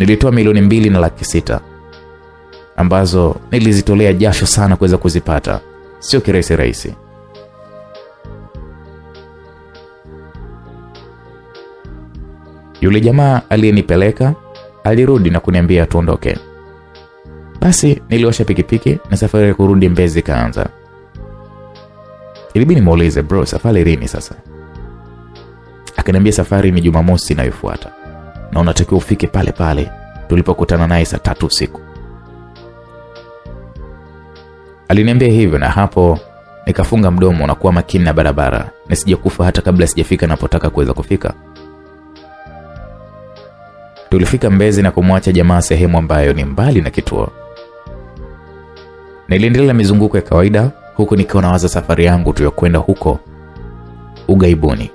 nilitoa milioni mbili na laki sita ambazo nilizitolea jasho sana kuweza kuzipata, sio kirahisi rahisi. Yule jamaa aliyenipeleka alirudi na kuniambia tuondoke. Basi niliosha pikipiki na safari ya kurudi Mbezi kaanza. Ilibidi nimuulize bro, safari lini sasa? Akaniambia safari ni Jumamosi inayofuata na unatakiwa ufike pale pale tulipokutana naye saa tatu usiku. Aliniambia hivyo, na hapo nikafunga mdomo na kuwa makini na barabara nisijakufa hata kabla sijafika napotaka kuweza kufika. Tulifika Mbezi na kumwacha jamaa sehemu ambayo ni mbali na kituo. Niliendelea mizunguko ya kawaida huku nikiwa nawaza safari yangu tuyokwenda kwenda huko ugaibuni.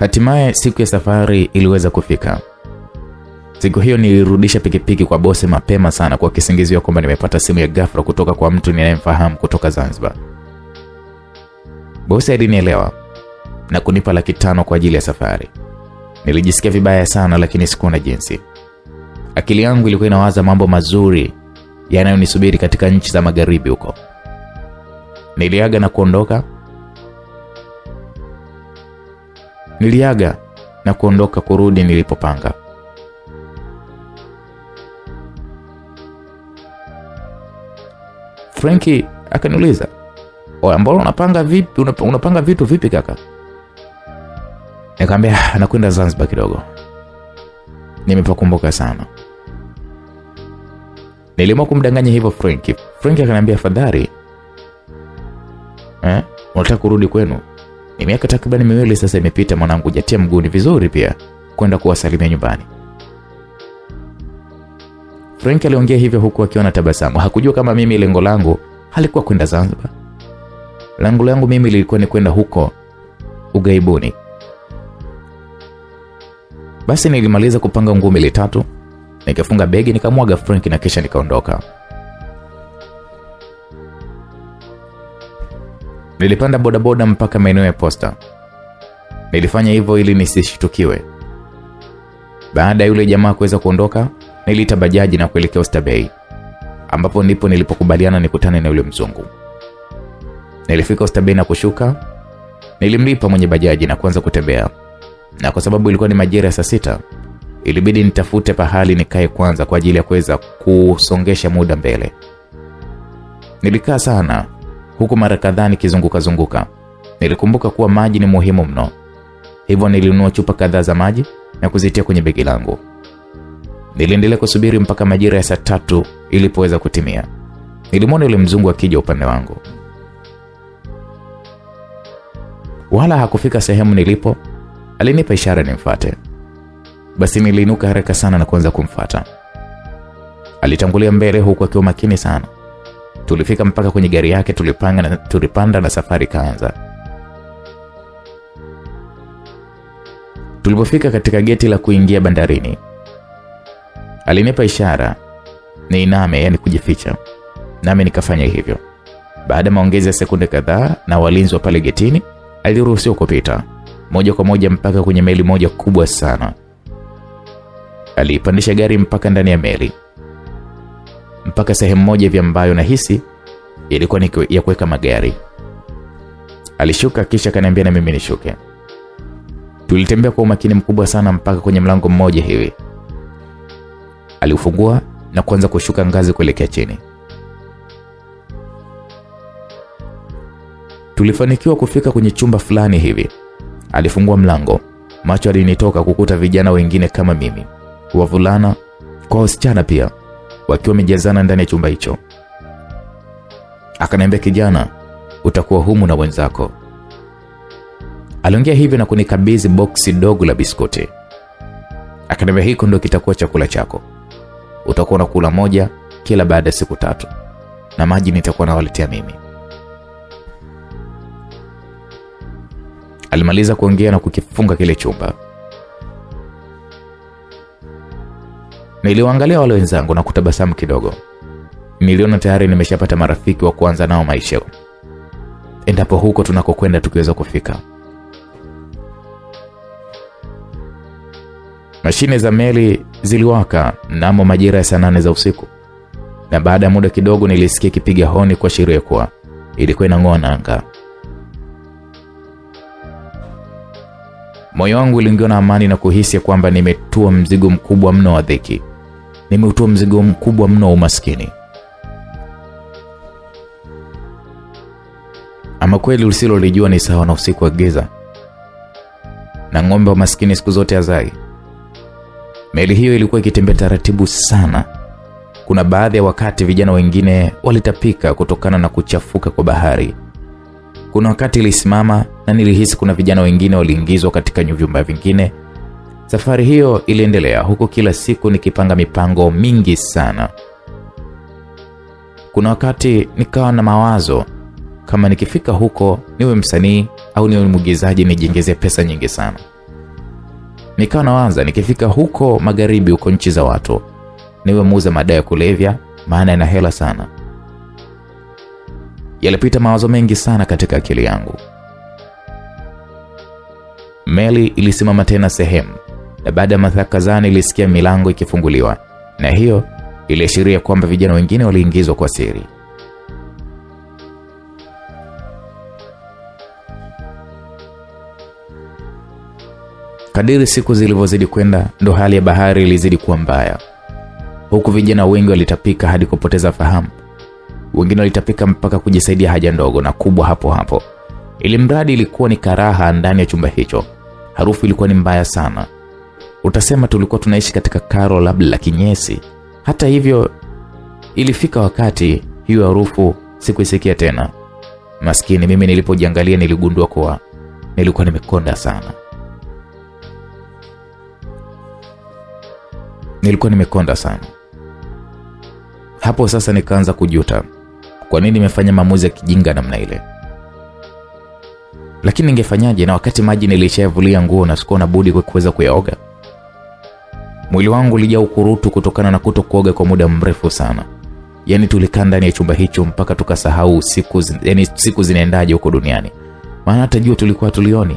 Hatimaye siku ya safari iliweza kufika. Siku hiyo nilirudisha pikipiki kwa bosi mapema sana kwa kisingizio kwamba nimepata simu ya ghafla kutoka kwa mtu ninayemfahamu kutoka Zanzibar. Bosi alinielewa na kunipa laki tano kwa ajili ya safari. Nilijisikia vibaya sana, lakini sikuona na jinsi. Akili yangu ilikuwa inawaza mambo mazuri yanayonisubiri katika nchi za magharibi huko. Niliaga na kuondoka Niliaga na kuondoka kurudi nilipopanga. Frenki akaniuliza, mbona unapanga vipi, unapanga vitu vipi kaka? Nikamwambia ah, nakwenda Zanzibar kidogo, nimepakumbuka sana. Niliamua kumdanganya hivyo Frenki. Frenki akaniambia, fadhali eh, unataka kurudi kwenu? Ni miaka takribani miwili sasa imepita, mwanangu jatia mguuni vizuri pia kwenda kuwasalimia nyumbani. Frank aliongea hivyo huku akiwa na tabasamu. Hakujua kama mimi lengo langu halikuwa kwenda Zanzibar. Lengo langu mimi lilikuwa ni kwenda huko ugaibuni. Basi nilimaliza kupanga nguo mili tatu, nikafunga begi nikamwaga Frank na kisha nikaondoka. Nilipanda bodaboda mpaka maeneo ya posta. Nilifanya hivyo ili nisishitukiwe Baada ya yule jamaa kuweza kuondoka, niliita bajaji na kuelekea Oysterbay, ambapo ndipo nilipokubaliana nikutane na yule mzungu. Nilifika Oysterbay na kushuka, nilimlipa mwenye bajaji na kuanza kutembea, na kwa sababu ilikuwa ni majira ya saa sita, ilibidi nitafute pahali nikae kwanza kwa ajili ya kuweza kusongesha muda mbele. Nilikaa sana huku mara kadhaa nikizungukazunguka. Nilikumbuka kuwa maji ni muhimu mno, hivyo nilinunua chupa kadhaa za maji na kuzitia kwenye begi langu. Niliendelea kusubiri mpaka majira ya saa tatu ilipoweza kutimia. Nilimwona yule mzungu akija upande wangu, wala hakufika sehemu nilipo. Alinipa ishara nimfuate, basi niliinuka haraka sana na kuanza kumfata Alitangulia mbele, huku akiwa makini sana Tulifika mpaka kwenye gari yake, tulipanga na, tulipanda na safari kaanza. Tulipofika katika geti la kuingia bandarini, alinipa ishara ni iname yani kujificha, nami nikafanya hivyo. Baada ya maongezi ya sekunde kadhaa na walinzi wa pale getini, aliruhusiwa kupita moja kwa moja mpaka kwenye meli moja kubwa sana. Aliipandisha gari mpaka ndani ya meli mpaka sehemu moja hivi ambayo nahisi ilikuwa ni ya kuweka magari. Alishuka kisha akaniambia na mimi nishuke. Tulitembea kwa umakini mkubwa sana mpaka kwenye mlango mmoja hivi. Aliufungua na kuanza kushuka ngazi kuelekea chini. Tulifanikiwa kufika kwenye chumba fulani hivi. Alifungua mlango, macho alinitoka kukuta vijana wengine kama mimi, wavulana kwa wasichana pia wakiwa wamejazana ndani ya chumba hicho. Akaniambia, kijana, utakuwa humu na wenzako. Aliongea hivyo na kunikabidhi boksi dogo la biskuti. Akaniambia, hiko ndio kitakuwa chakula chako, utakuwa na kula moja kila baada ya siku tatu, na maji nitakuwa nawaletea mimi. Alimaliza kuongea na kukifunga kile chumba. Niliwaangalia wale wenzangu na kutabasamu kidogo. Niliona tayari nimeshapata marafiki wa kuanza nao maisha, endapo huko tunakokwenda tukiweza kufika. Mashine za meli ziliwaka namo majira ya saa za usiku, na baada ya muda kidogo nilisikia kipiga honi shiria kuwa ilikuwa inang'oa nanga. Moyo wangu uliingiwa na amani na kuhisi kwamba nimetua mzigo mkubwa mno wa dhiki nimeutua mzigo mkubwa mno wa umaskini. Ama kweli lijua ni sawa na usiku wa giza, na ng'ombe wa maskini siku zote azai Meli hiyo ilikuwa ikitembea taratibu sana. Kuna baadhi ya wakati vijana wengine walitapika kutokana na kuchafuka kwa bahari. Kuna wakati ilisimama na nilihisi kuna vijana wengine waliingizwa katika vyumba vingine Safari hiyo iliendelea huku kila siku nikipanga mipango mingi sana. Kuna wakati nikawa na mawazo kama nikifika huko niwe msanii au niwe mwigizaji nijiongezee pesa nyingi sana. Nikawa nawaza nikifika huko magharibi, huko nchi za watu, niwe muuza madawa ya kulevya, maana ina hela sana. Yalipita mawazo mengi sana katika akili yangu. Meli ilisimama tena sehemu na baada ya madhaka kadhaa nilisikia milango ikifunguliwa, na hiyo iliashiria kwamba vijana wengine waliingizwa kwa siri. Kadiri siku zilivyozidi kwenda, ndo hali ya bahari ilizidi kuwa mbaya, huku vijana wengi walitapika hadi kupoteza fahamu. Wengine walitapika mpaka kujisaidia haja ndogo na kubwa hapo hapo. Ili mradi ilikuwa ni karaha ndani ya chumba hicho. Harufu ilikuwa ni mbaya sana, utasema tulikuwa tunaishi katika karo labda la kinyesi. Hata hivyo, ilifika wakati hiyo harufu sikuisikia tena. Maskini mimi, nilipojiangalia niligundua kuwa nilikuwa nimekonda sana, nilikuwa nimekonda sana. Hapo sasa nikaanza kujuta kwa nini nimefanya maamuzi ya kijinga namna ile, lakini ningefanyaje? Na wakati maji nilishayavulia nguo na sikuwa na budi kuweza kuyaoga. Mwili wangu ulijaa ukurutu kutokana na kutokuoga kwa muda mrefu sana. Yaani tulikaa ndani ya chumba hicho mpaka tukasahau siku, yani siku zinaendaje huko duniani, maana hata jua tulikuwa tulioni.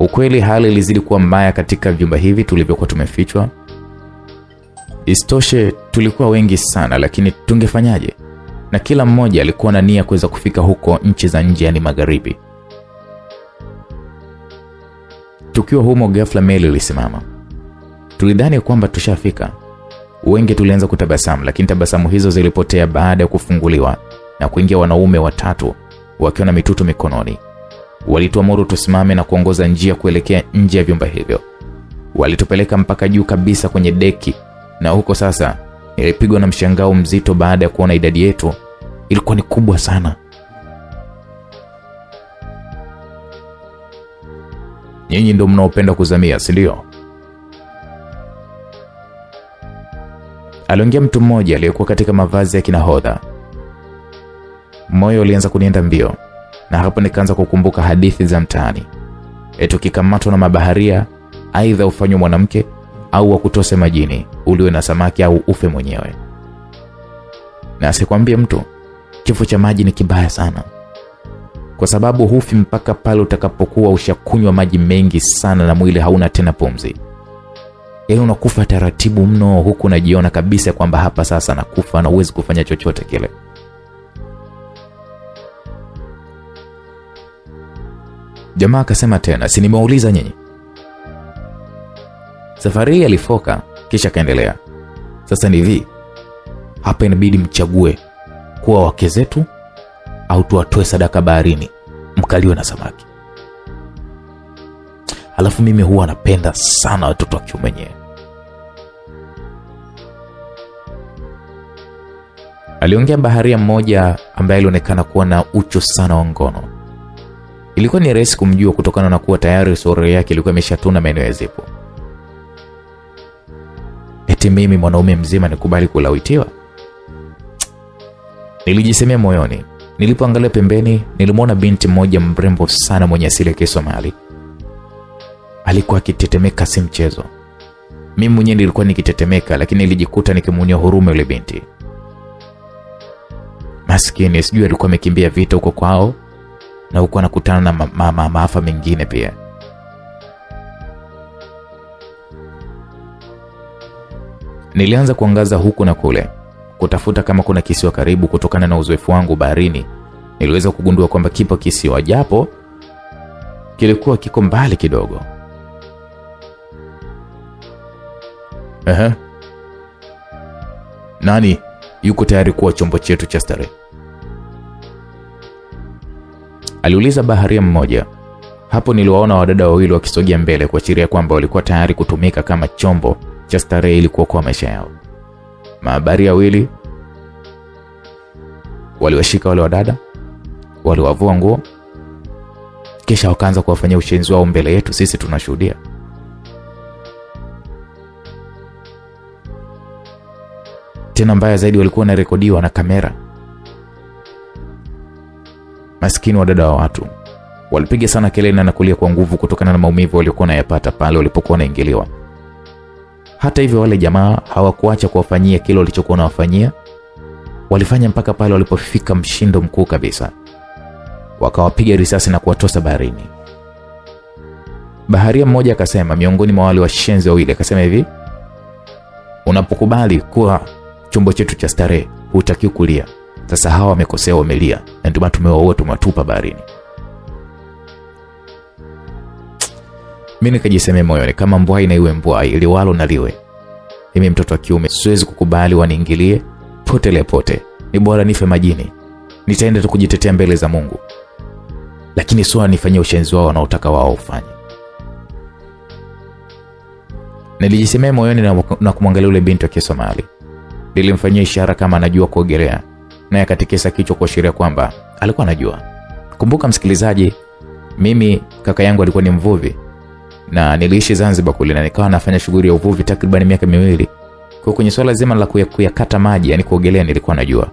Ukweli hali ilizidi kuwa mbaya katika vyumba hivi tulivyokuwa tumefichwa. istoshe tulikuwa wengi sana, lakini tungefanyaje? Na kila mmoja alikuwa na nia kuweza kufika huko nchi za nje, yani magharibi. Tukiwa humo, ghafla meli ilisimama. Tulidhani kwamba tushafika. Wengi tulianza kutabasamu, lakini tabasamu hizo zilipotea baada ya kufunguliwa na kuingia wanaume watatu wakiwa na mitutu mikononi. Walituamuru tusimame na kuongoza njia kuelekea nje ya vyumba hivyo. Walitupeleka mpaka juu kabisa kwenye deki, na huko sasa nilipigwa na mshangao mzito baada ya kuona idadi yetu ilikuwa ni kubwa sana. Nyinyi ndio mnaopenda kuzamia, si ndio? Aliongea mtu mmoja aliyekuwa katika mavazi ya kinahodha. Moyo ulianza kunienda mbio, na hapo nikaanza kukumbuka hadithi za mtaani, eti ukikamatwa na mabaharia, aidha ufanywe mwanamke au wakutose majini, uliwe na samaki au ufe mwenyewe. Na asikwambie mtu, kifo cha maji ni kibaya sana kwa sababu hufi mpaka pale utakapokuwa ushakunywa maji mengi sana na mwili hauna tena pumzi. Yaani unakufa taratibu mno, huku unajiona kabisa kwamba hapa sasa nakufa na uwezi kufanya chochote kile. Jamaa akasema tena, si nimeuliza nyinyi? Safari hii alifoka, kisha akaendelea, sasa ni vi hapa inabidi mchague kuwa wake zetu au tuwatoe sadaka baharini mkaliwe na samaki. Alafu mimi huwa napenda sana watoto wa kiume Aliongea baharia mmoja ambaye alionekana kuwa na ucho sana wa ngono. Ilikuwa ni rahisi kumjua kutokana na kuwa tayari sura yake ilikuwa imeshatuna maeneo ya zipo. Eti mimi mwanaume mzima nikubali kulawitiwa? Nilijisemea moyoni. Nilipoangalia pembeni, nilimwona binti mmoja mrembo sana mwenye asili ya Kisomali. Alikuwa akitetemeka, si mchezo. Mimi mwenyewe nilikuwa nikitetemeka, lakini nilijikuta nikimuonia huruma yule binti maskini. Sijui alikuwa amekimbia vita huko kwao na huko anakutana na ma ma ma maafa mengine pia. Nilianza kuangaza huku na kule kutafuta kama kuna kisiwa karibu. Kutokana na uzoefu wangu baharini, niliweza kugundua kwamba kipo kisiwa, japo kilikuwa kiko mbali kidogo. Aha. Nani yuko tayari kuwa chombo chetu cha starehe? aliuliza baharia mmoja. Hapo niliwaona wadada wawili wakisogea mbele kuashiria kwamba walikuwa tayari kutumika kama chombo cha starehe ili kuokoa maisha yao. Maabaharia wili waliwashika wale wadada, waliwavua nguo, kisha wakaanza kuwafanyia ushenzi wao mbele yetu sisi tunashuhudia. Tena mbaya zaidi, walikuwa wanarekodiwa na kamera. Maskini wadada wa watu walipiga sana kelele na kulia kwa nguvu kutokana na maumivu waliokuwa wanayapata pale walipokuwa wanaingiliwa. Hata hivyo wale jamaa hawakuacha kuwafanyia kile walichokuwa wanawafanyia, walifanya mpaka pale walipofika mshindo mkuu kabisa, wakawapiga risasi na kuwatosa baharini. Baharia mmoja akasema, miongoni mwa wale washenzi wawili akasema hivi, unapokubali kuwa chombo chetu cha starehe hutakiwi kulia. Sasa hawa wamekosea, wamelia, na ndio maana tumewaua, tumewatupa baharini. Mimi nikajisemea moyoni, kama mbwai na iwe mbwai, liwalo na liwe. Mimi mtoto wa kiume siwezi kukubali waniingilie pote pote. ni bora nife majini, nitaenda tu kujitetea mbele za Mungu, lakini sio wanifanyie ushenzi wao wanaotaka wao ufanye. Nilijisemea moyoni na, na kumwangalia yule binti wa Kisomali. Nilimfanyia ishara kama anajua kuogelea, naye akatikisa kichwa kuashiria kwamba alikuwa anajua. Kumbuka msikilizaji, mimi kaka yangu alikuwa ni mvuvi na niliishi Zanzibar kule na nikawa nafanya shughuli ya uvuvi takriban miaka miwili. Kwa kwenye swala zima la kuyakata maji, yani kuogelea, nilikuwa najua.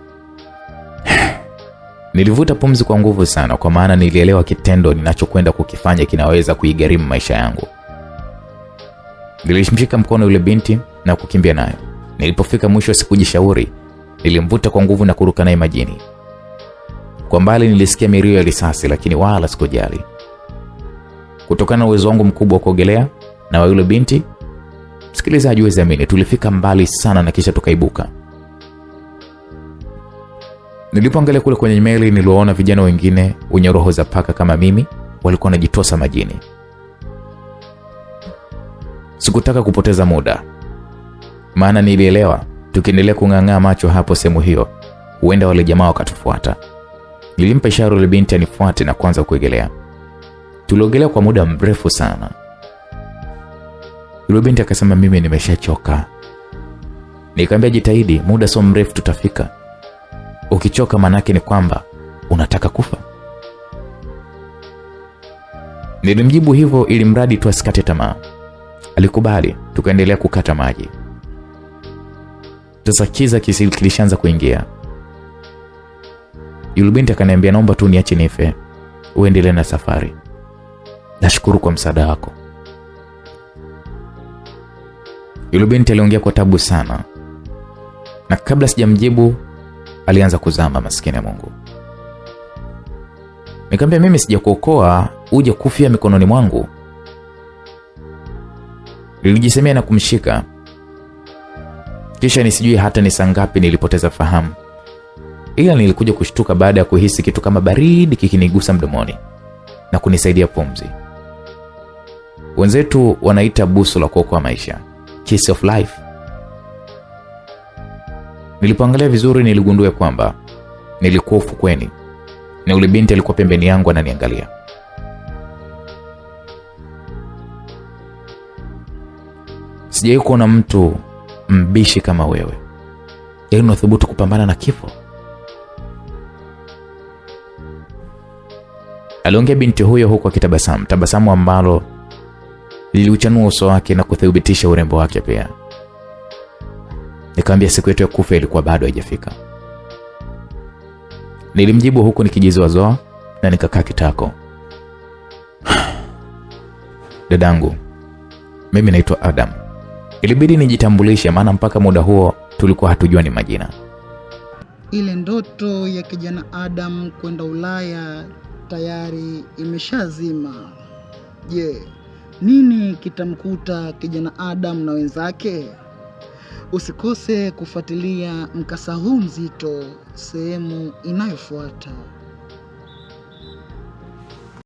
Nilivuta pumzi kwa nguvu sana, kwa maana nilielewa kitendo ninachokwenda kukifanya kinaweza kuigharimu maisha yangu. Nilishimshika mkono yule binti na kukimbia naye. Nilipofika mwisho, sikujishauri, nilimvuta kwa nguvu na kuruka naye majini. Kwa mbali nilisikia milio ya risasi, lakini wala sikujali. Kutokana na uwezo wangu mkubwa wa kuogelea na wa yule binti, msikilizaji, huwezi amini, tulifika mbali sana na kisha tukaibuka. Nilipoangalia kule kwenye meli, niliwaona vijana wengine wenye roho za paka kama mimi, walikuwa wanajitosa majini. Sikutaka kupoteza muda, maana nilielewa tukiendelea kung'ang'aa macho hapo sehemu hiyo, huenda wale jamaa wakatufuata. Nilimpa ishara ule binti anifuate na kuanza kuegelea. Tuliogelea kwa muda mrefu sana. Yule binti akasema mimi nimeshachoka. Nikamwambia jitahidi, muda sio mrefu tutafika. Ukichoka manake ni kwamba unataka kufa. Nilimjibu hivyo ili mradi tu asikate tamaa. Alikubali, tukaendelea kukata maji. Sasa kiza kilishaanza kuingia. Yule binti akaniambia naomba tu niache nife, uendelee na safari. Nashukuru kwa msaada wako. Yule binti aliongea kwa tabu sana, na kabla sijamjibu alianza kuzama. Maskini ya Mungu, nikamwambia mimi sijakuokoa uje kufia mikononi mwangu. Nilijisemea na kumshika, kisha nisijui hata ni saa ngapi nilipoteza fahamu, ila nilikuja kushtuka baada ya kuhisi kitu kama baridi kikinigusa mdomoni na kunisaidia pumzi. Wenzetu wanaita busu la kuokoa maisha, Case of life. Nilipoangalia vizuri, niligundua kwamba nilikuwa ufukweni na yule binti alikuwa pembeni yangu ananiangalia. sijai kuona mtu mbishi kama wewe, yani unathubutu kupambana na kifo, aliongea binti huyo, huku akitabasamu, tabasamu ambalo liliuchanua uso wake na kuthibitisha urembo wake pia. Nikamwambia siku yetu ya kufa ilikuwa bado haijafika, nilimjibu huku nikijizoazoa na nikakaa kitako. Dadangu, mimi naitwa Adam. Ilibidi nijitambulishe, maana mpaka muda huo tulikuwa hatujua ni majina. Ile ndoto ya kijana Adam kwenda Ulaya tayari imeshazima. Je, yeah. Nini kitamkuta kijana Adam na wenzake? Usikose kufuatilia mkasa huu mzito sehemu inayofuata.